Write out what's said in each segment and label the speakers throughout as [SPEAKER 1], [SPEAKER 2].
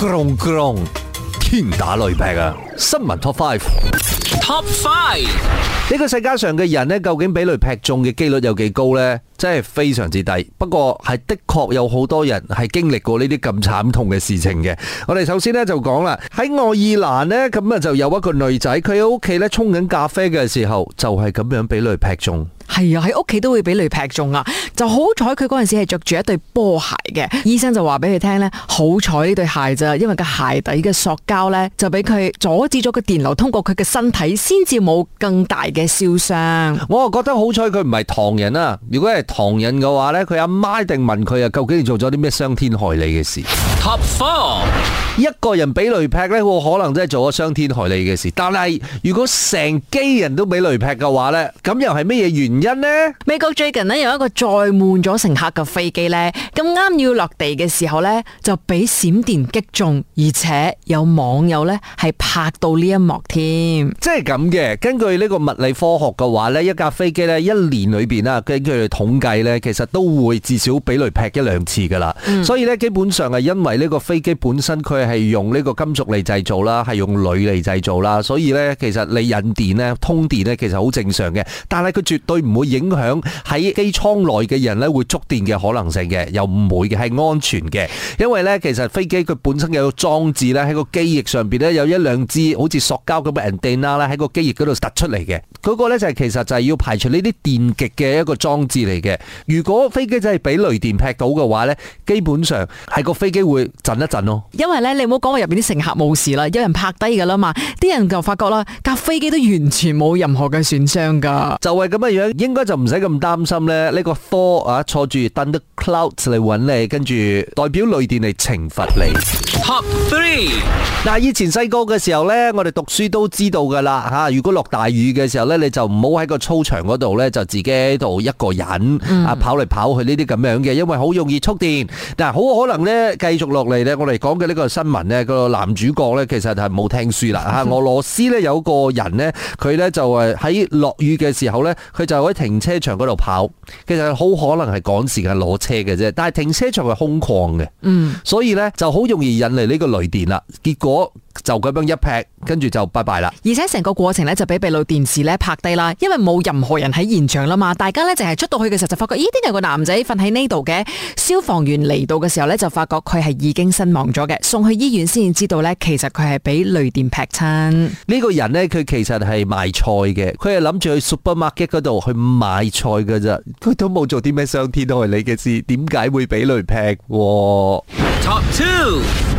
[SPEAKER 1] g r o n d g r o n d 天打雷劈啊！新聞 Top Five，Top Five，呢個世界上嘅人呢，究竟俾雷劈中嘅幾率有幾高呢？真係非常之低。不過係的確有好多人係經歷過呢啲咁慘痛嘅事情嘅。我哋首先呢就講啦，喺愛爾蘭呢，咁啊就有一個女仔，佢喺屋企呢沖緊咖啡嘅時候，就係咁樣俾雷劈中。
[SPEAKER 2] 係啊，喺屋企都會俾雷劈中啊！就好彩佢嗰陣時係着住一對波鞋嘅，醫生就話俾佢聽咧，好彩呢對鞋咋，因為個鞋底嘅塑膠呢，就俾佢阻止咗個電流通過佢嘅身體，先至冇更大嘅燒傷。我又覺
[SPEAKER 1] 得好彩佢唔係唐人啊。如果係唐人嘅話呢，佢阿媽一定問佢啊，究竟你做咗啲咩傷天害理嘅事。Top 4！一個人俾雷劈呢，可能真係做咗傷天害理嘅事，但係如果成機人都俾雷劈嘅話呢，咁又係咩嘢
[SPEAKER 2] 原因？一咧，因呢美國最近咧有一個載滿咗乘客嘅飛機呢，咁啱要落地嘅時候呢，就俾閃電擊中，而且有網友呢係拍到呢一幕添。
[SPEAKER 1] 即係咁嘅，根據呢個物理科學嘅話呢，一架飛機呢一年裏邊啦，根據統計呢，其實都會至少俾雷劈一兩次噶啦、嗯。所以呢，基本上係因為呢個飛機本身佢係用呢個金屬嚟製造啦，係用鋁嚟製造啦，所以呢，其實你引電呢、通電呢，其實好正常嘅。但係佢絕對。唔會影響喺機艙內嘅人咧，會觸電嘅可能性嘅，又唔會嘅，係安全嘅。因為咧，其實飛機佢本身有個裝置咧，喺個機翼上邊咧，有一兩支好似塑膠咁嘅 antenna 咧，喺個機翼嗰度突出嚟嘅。嗰個咧就係其實就係要排除呢啲電極嘅一個裝置嚟嘅。如果飛機真係俾雷電劈到嘅話咧，基本上係個飛機會震一震咯。
[SPEAKER 2] 因為咧，你唔好講我入邊啲乘客冇事啦，有人拍低㗎啦嘛，啲人就發覺啦，架飛機都完全冇任何嘅損傷㗎，就係咁嘅樣。
[SPEAKER 1] 應該就唔使咁擔心咧，呢、這個多啊坐住等啲 clouds 嚟揾你，跟住代表雷電嚟懲罰你。Top three 嗱，以前細個嘅時候呢，我哋讀書都知道噶啦吓。如果落大雨嘅時候呢，你就唔好喺個操場嗰度呢，就自己喺度一個人啊跑嚟跑去呢啲咁樣嘅，因為好容易觸電。但係好可能呢，繼續落嚟呢，我哋講嘅呢個新聞呢，個男主角呢，其實係冇聽書啦吓。Mm hmm. 俄羅斯呢，有個人呢，佢呢就係喺落雨嘅時候呢，佢就。喺停車場嗰度跑，其實好可能係趕時間攞車嘅啫。但係停車場係空曠嘅，嗯，所以呢就好容易引嚟呢個雷電啦。結果就咁樣一劈。跟住就拜拜啦！而
[SPEAKER 2] 且成個過程咧就俾閉路電視咧拍低啦，因為冇任何人喺現場啦嘛，大家咧淨係出到去嘅時候就發覺，咦，點有個男仔瞓喺呢度嘅？消防員嚟到嘅時候咧就發覺佢係已經身亡咗嘅，送去醫院先至知道咧，其實佢係俾雷電劈親。
[SPEAKER 1] 呢個人呢，佢其實係賣菜嘅，佢係諗住去 Supermarket 嗰度去賣菜噶咋，佢都冇做啲咩傷天害理嘅事，點解會俾雷劈？Top two。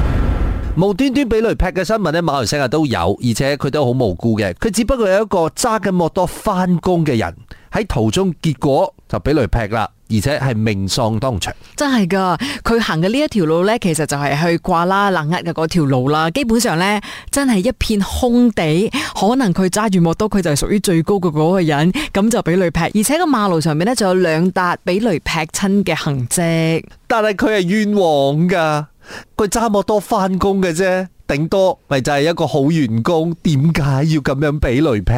[SPEAKER 1] 無端端俾雷劈嘅新聞咧，馬來西亞都有，而且佢都好無辜嘅。佢只不過係一個揸緊摩多翻工嘅人喺途中，結果就俾雷劈啦，而且係命喪當場。
[SPEAKER 2] 真係噶，佢行嘅呢一條路呢，其實就係去瓜拉冷岳嘅嗰條路啦。基本上呢，真係一片空地，可能佢揸住摩多，佢就係屬於最高嘅嗰個人，咁就俾雷劈。而且個馬路上面呢，就有兩笪俾雷劈親嘅痕跡。但係佢係冤
[SPEAKER 1] 枉噶。佢揸摩多翻工嘅啫，頂多咪就係一個好員工，點解要咁樣俾雷劈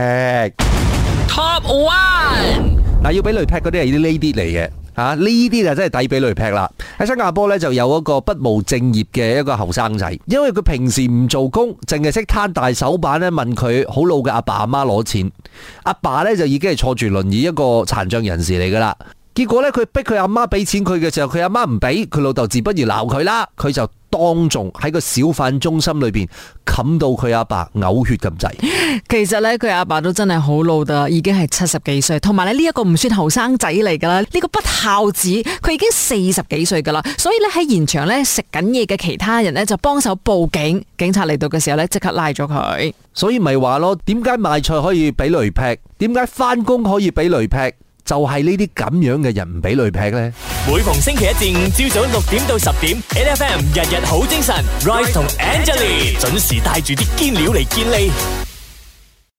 [SPEAKER 2] ？Top one
[SPEAKER 1] 嗱，要俾雷劈嗰啲係呢啲嚟嘅吓，呢啲就真係抵俾雷劈啦。喺新加坡咧就有一個不務正業嘅一個後生仔，因為佢平時唔做工，淨係識攤大手板咧問佢好老嘅阿爸阿媽攞錢，阿爸咧就已經係坐住輪椅一個殘障人士嚟噶啦。結果咧，佢逼佢阿媽俾錢佢嘅時候，佢阿媽唔俾，佢老豆自不如鬧佢啦。佢就當眾喺個小販中心裏邊冚到佢阿爸嘔血咁滯。
[SPEAKER 2] 其實咧，佢阿爸都真係好老得，已經係七十幾歲。同埋咧，呢一個唔算後生仔嚟噶啦，呢個不孝子，佢已經四十幾歲噶啦。所以咧，喺現場咧食緊嘢嘅其他人咧就幫手報警。警察嚟到嘅時候咧，即刻拉咗佢。
[SPEAKER 1] 所以咪話咯，點解賣菜可以俾雷劈？點解翻工可以俾雷劈？就係呢啲咁樣嘅人唔俾雷劈咧。
[SPEAKER 2] 每逢星期一至五朝早六點到十點，N F M 日日好精神。Rice 同 Angelina 準時帶住啲堅料嚟
[SPEAKER 1] 見你。